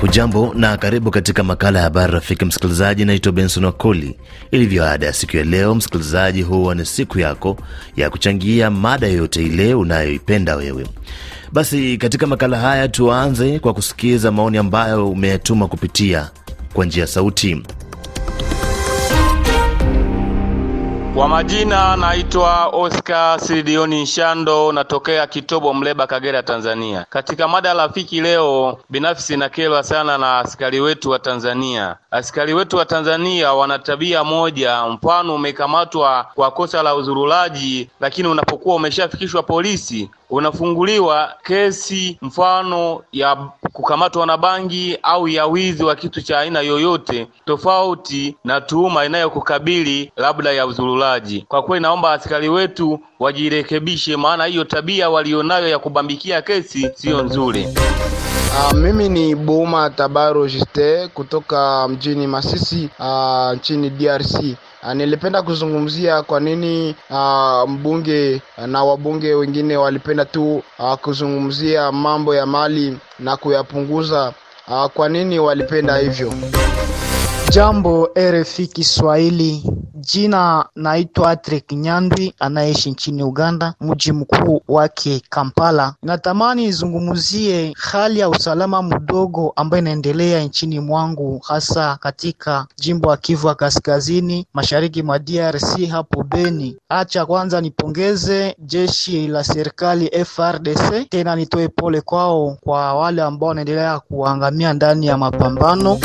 Hujambo na karibu katika makala ya habari rafiki, msikilizaji. Naitwa Benson Wakoli. Ilivyo ada ya siku ya leo, msikilizaji, huwa ni siku yako ya kuchangia mada yoyote ile unayoipenda wewe. Basi katika makala haya tuanze kwa kusikiza maoni ambayo umeyatuma kupitia kwa njia sauti. Kwa majina naitwa Oscar Sidioni Nshando, natokea Kitobo, Mleba, Kagera, Tanzania. Katika mada rafiki leo, binafsi nakerwa sana na askari wetu wa Tanzania. Askari wetu wa Tanzania wana tabia moja, mfano umekamatwa kwa kosa la uzurulaji, lakini unapokuwa umeshafikishwa polisi unafunguliwa kesi mfano ya kukamatwa na bangi au ya wizi wa kitu cha aina yoyote, tofauti na tuhuma inayokukabili labda ya uzurulaji ulaji. Kwa kweli, naomba askari wetu wajirekebishe, maana hiyo tabia walionayo ya kubambikia kesi siyo nzuri. Uh, mimi ni Buma Tabaro Juste kutoka mjini Masisi uh, nchini DRC. Uh, ah, nilipenda kuzungumzia kwa nini uh, mbunge na wabunge wengine walipenda tu uh, kuzungumzia mambo ya mali na kuyapunguza. Uh, kwa nini walipenda hivyo? Jambo RFI Kiswahili. Jina naitwa Patrick Nyandwi, anaishi nchini Uganda, mji mkuu wake Kampala. Natamani izungumzie hali ya usalama mdogo ambayo inaendelea nchini mwangu, hasa katika jimbo la Kivu Kaskazini, mashariki mwa DRC, hapo Beni. Acha kwanza nipongeze jeshi la serikali FRDC, tena nitoe pole kwao kwa wale ambao wanaendelea kuangamia ndani ya mapambano.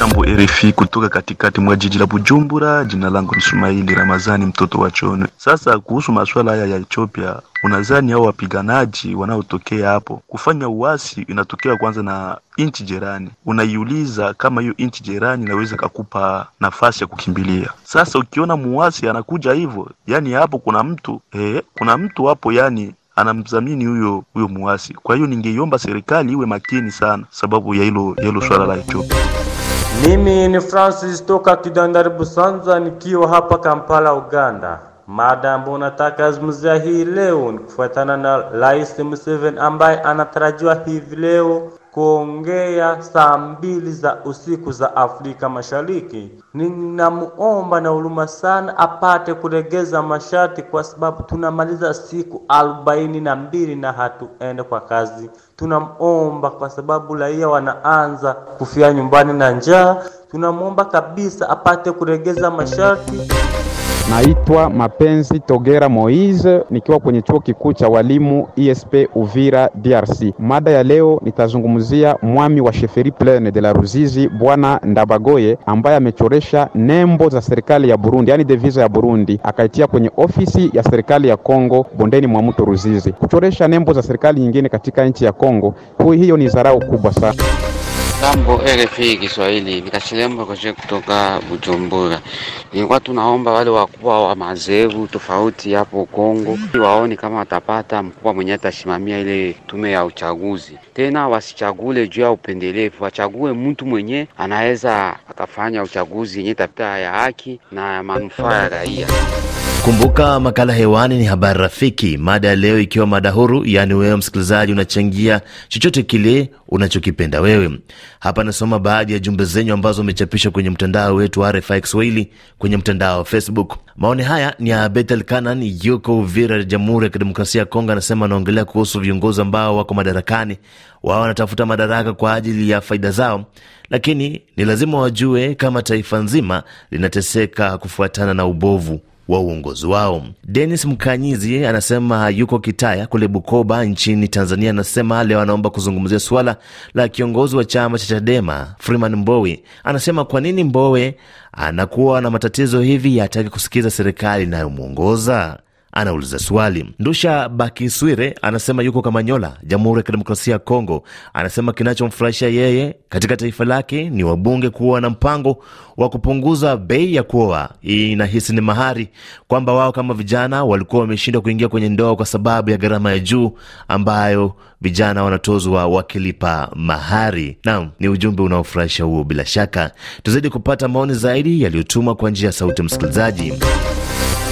Jambo RFI kutoka katikati mwa jiji la Bujumbura. Jina langu ni Sumaili Ramazani, mtoto wa Chono. Sasa kuhusu masuala haya ya Ethiopia, unadhani hao wapiganaji wanaotokea hapo kufanya uasi inatokea kwanza na nchi jirani, unaiuliza kama hiyo nchi jirani inaweza kakupa nafasi ya kukimbilia. Sasa ukiona muasi anakuja hivyo, yani hapo kuna mtu eh, kuna mtu hapo yani anamdhamini huyo huyo muasi. Kwa hiyo ningeiomba serikali iwe makini sana, sababu ya hilo hilo swala la Ethiopia. Mimi ni Francis toka Kidandari Busanza nikiwa hapa Kampala, Uganda ambayo unataka azungumzia hii leo ni kufuatana na Rais Museveni ambaye anatarajiwa hivi leo kuongea saa mbili za usiku za Afrika Mashariki. Ninamuomba na huruma sana apate kulegeza masharti, kwa sababu tunamaliza siku arobaini na mbili na hatuende kwa kazi. tunamuomba kwa sababu raia wanaanza kufia nyumbani na njaa. Tunamwomba kabisa apate kulegeza masharti. Naitwa Mapenzi Togera Moise nikiwa kwenye chuo kikuu cha walimu ISP e Uvira DRC. Mada ya leo nitazungumzia mwami wa Sheferi plene de la Ruzizi Bwana Ndabagoye ambaye amechoresha nembo za serikali ya Burundi, yaani devisa ya Burundi akaitia kwenye ofisi ya serikali ya Kongo bondeni mwa mto Ruzizi. Kuchoresha nembo za serikali nyingine katika nchi ya Kongo, hiyo ni dharau kubwa sana. Jambo RFI Kiswahili, Nikashilemba Koje kutoka Bujumbura. Nilikuwa tunaomba wale wakubwa wa mazevu tofauti hapo Kongo waone kama watapata mkubwa mwenye atasimamia ile tume ya uchaguzi, tena wasichagule juu ya upendelevu, wachague mtu mwenye anaweza akafanya uchaguzi yenye tapita ya haki na manufaa ya raia. Kumbuka makala hewani ni habari rafiki, mada ya leo ikiwa mada huru, yaani wewe msikilizaji unachangia chochote kile unachokipenda wewe. Hapa nasoma baadhi ya jumbe zenyu ambazo umechapishwa kwenye mtandao wetu wa RFI Kiswahili kwenye mtandao wa Facebook. Maoni haya ni ya Betel Canan, yuko Uvira, Jamhuri ya Kidemokrasia ya Kongo, anasema anaongelea kuhusu viongozi ambao wako madarakani, wao wanatafuta madaraka kwa ajili ya faida zao, lakini ni lazima wajue kama taifa nzima linateseka kufuatana na ubovu wa uongozi wao. denis Mkanyizi anasema yuko Kitaya kule Bukoba nchini Tanzania. Anasema leo anaomba kuzungumzia suala la kiongozi wa chama cha Chadema Freeman Mbowe. Anasema kwa nini Mbowe anakuwa na matatizo hivi, hataki kusikiza serikali inayomwongoza? anauliza swali. Ndusha Bakiswire anasema yuko Kamanyola, Jamhuri ya Kidemokrasia ya Kongo. Anasema kinachomfurahisha yeye katika taifa lake ni wabunge kuwa na mpango wa kupunguza bei ya kuoa. Inahisi ni mahari kwamba wao kama vijana walikuwa wameshindwa kuingia kwenye ndoa kwa sababu ya gharama ya juu ambayo vijana wanatozwa wakilipa mahari. Naam, ni ujumbe unaofurahisha huo. Bila shaka tuzidi kupata maoni zaidi yaliyotumwa kwa njia ya sauti msikilizaji.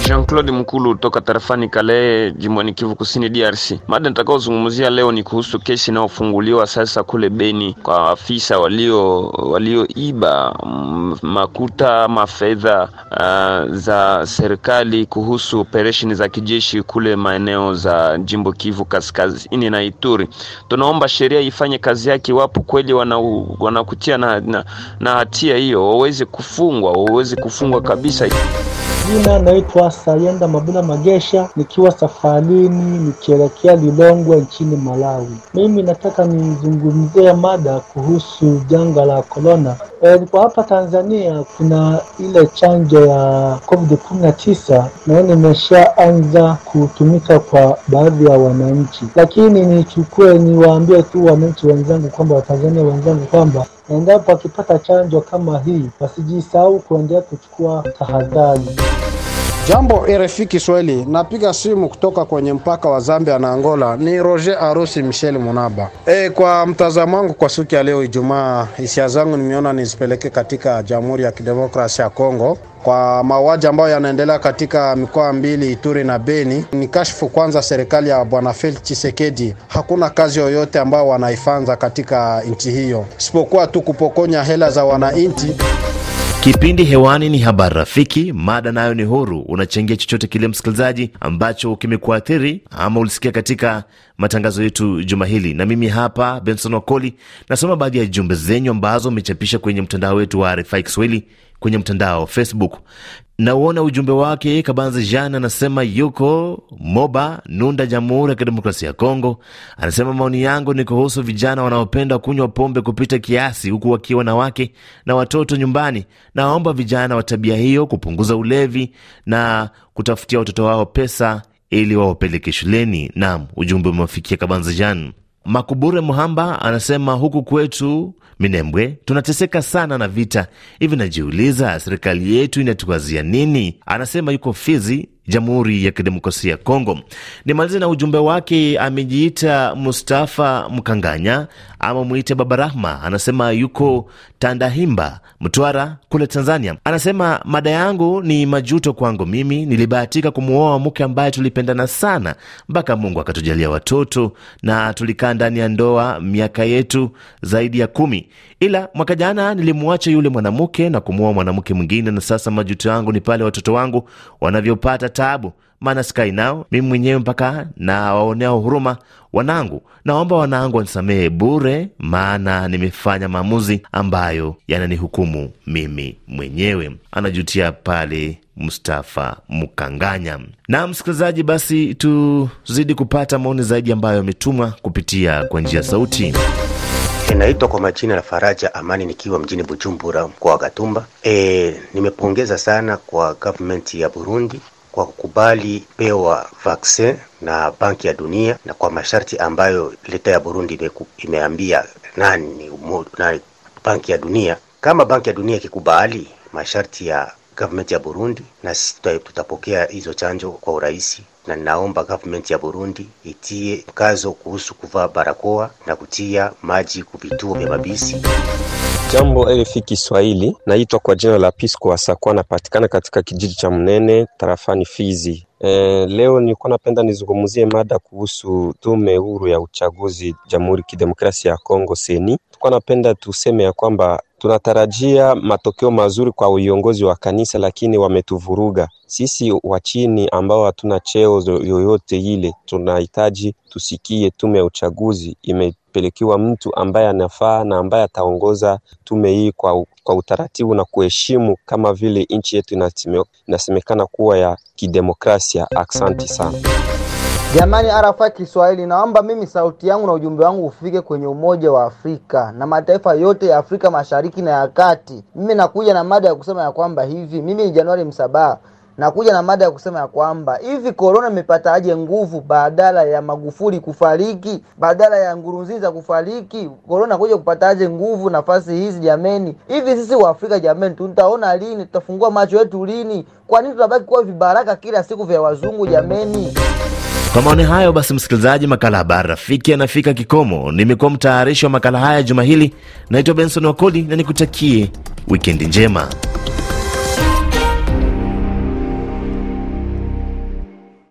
Jean-Claude Mkulu toka tarafani kale jimboni Kivu Kusini DRC. Mada nitakaozungumzia leo ni kuhusu kesi inayofunguliwa sasa kule Beni kwa maafisa walio walioiba makuta ama fedha uh, za serikali kuhusu operesheni za kijeshi kule maeneo za jimbo Kivu Kaskazini na Ituri. Tunaomba sheria ifanye kazi yake, iwapo kweli wanakutia wana na, na, na hatia hiyo waweze kufungwa, waweze kufungwa kabisa. Jina naitwa Sayenda Mabula Magesha, nikiwa safarini nikielekea Lilongwe nchini Malawi. Mimi nataka nizungumzie mada kuhusu janga la korona E, eh, kwa hapa Tanzania kuna ile chanjo ya COVID 19 nayo nimeshaanza kutumika kwa baadhi ya wananchi, lakini nichukue niwaambie tu wananchi wenzangu kwamba Watanzania wenzangu kwamba endapo wakipata chanjo kama hii wasijisahau kuendelea kuchukua tahadhari. Jambo RFI Kiswahili, napiga simu kutoka kwenye mpaka wa Zambia na Angola. Ni Roger Arusi Michel Munaba. E, kwa mtazamo wangu kwa siku ya leo Ijumaa, hisia zangu nimeona nizipeleke katika Jamhuri ya Kidemokrasia ya Kongo kwa mauaji ambayo yanaendelea katika mikoa mbili Ituri na Beni. Ni kashfu kwanza, serikali ya bwana Felix Tshisekedi hakuna kazi yoyote ambayo wanaifanza katika nchi hiyo isipokuwa tu kupokonya hela za wananchi. Kipindi hewani ni habari rafiki, mada nayo ni huru. Unachangia chochote kile, msikilizaji, ambacho kimekuathiri ama ulisikia katika matangazo yetu juma hili, na mimi hapa Benson Wakoli nasoma baadhi ya jumbe zenyu ambazo umechapisha kwenye mtandao wetu wa RFI Kiswahili kwenye mtandao wa Facebook. Nauona ujumbe wake. Kabanzi Jean anasema yuko Moba Nunda, Jamhuri ya Kidemokrasia ya Kongo. Anasema maoni yangu ni kuhusu vijana wanaopenda kunywa pombe kupita kiasi, huku wakiwa na wake na watoto nyumbani. nawaomba vijana wa tabia hiyo kupunguza ulevi na kutafutia watoto wao pesa ili wawapeleke shuleni. Naam, ujumbe umewafikia Kabanzi Jean. Makubure Muhamba anasema huku kwetu Minembwe tunateseka sana na vita hivi, najiuliza serikali yetu inatuwazia nini? Anasema yuko Fizi Jamhuri ya Kidemokrasia ya Kongo. Nimalize na ujumbe wake, amejiita Mustafa Mkanganya ama mwite Baba Rahma, anasema yuko Tandahimba, Mtwara kule Tanzania. Anasema mada yangu ni majuto kwangu mimi, nilibahatika kumwoa mke ambaye tulipendana sana mpaka Mungu akatujalia watoto na tulikaa ndani ya ndoa miaka yetu zaidi ya kumi ila mwaka jana nilimwacha yule mwanamke na kumua mwanamke mwingine, na sasa majuto yangu ni pale watoto wangu wanavyopata taabu, maana sikai nao mimi mwenyewe mpaka na waonea huruma wanangu. Naomba wanangu wanisamehe bure, maana nimefanya maamuzi ambayo yananihukumu mimi mwenyewe. Anajutia pale Mustafa Mukanganya. Na msikilizaji, basi tuzidi kupata maoni zaidi ambayo yametumwa kupitia kwa njia sauti ninaitwa kwa majina la Faraja Amani nikiwa mjini Bujumbura mkoa wa Gatumba. E, nimepongeza sana kwa government ya Burundi kwa kukubali pewa vaccine na Banki ya Dunia na kwa masharti ambayo leta ya Burundi imeambia nani, nani Banki ya Dunia. Kama Banki ya Dunia ikikubali masharti ya government ya Burundi na sisi tutapokea hizo chanjo kwa urahisi, na ninaomba government ya Burundi itie mkazo kuhusu kuvaa barakoa na kutia maji kuvituo vya mabisi. Jambo RFI Kiswahili, naitwa kwa jina la Pisco Asakwa, napatikana katika kijiji cha Mnene tarafani Fizi. E, leo nilikuwa napenda nizungumzie mada kuhusu tume huru ya uchaguzi Jamhuri Kidemokrasia ya Kongo seni. Tulikuwa napenda tuseme ya kwamba Tunatarajia matokeo mazuri kwa uongozi wa kanisa, lakini wametuvuruga sisi wa chini ambao hatuna cheo yoyote ile. Tunahitaji tusikie tume ya uchaguzi imepelekiwa mtu ambaye anafaa na ambaye ataongoza tume hii kwa, kwa utaratibu na kuheshimu kama vile nchi yetu inasemekana kuwa ya kidemokrasia. Aksanti sana. Jamani, RFI Kiswahili, naomba mimi sauti yangu na ujumbe wangu ufike kwenye Umoja wa Afrika na mataifa yote ya Afrika Mashariki na ya Kati. Mimi nakuja na mada ya kusema ya kwamba hivi, mimi ni Januari Msabaha, nakuja na mada ya kusema ya kwamba hivi korona imepata aje nguvu badala ya Magufuli kufariki, badala ya Ngurunziza kufariki, korona kuja kupata aje nguvu nafasi hizi jameni? Hivi sisi wa Afrika jameni, tutaona lini? Tutafungua macho yetu lini? Kwa nini tunabaki kuwa vibaraka kila siku vya wazungu jameni? Kwa maoni hayo basi, msikilizaji, makala Habari Rafiki yanafika kikomo. Nimekuwa mtayarishi wa makala haya juma hili, naitwa Benson Wakoli na nikutakie wikendi njema.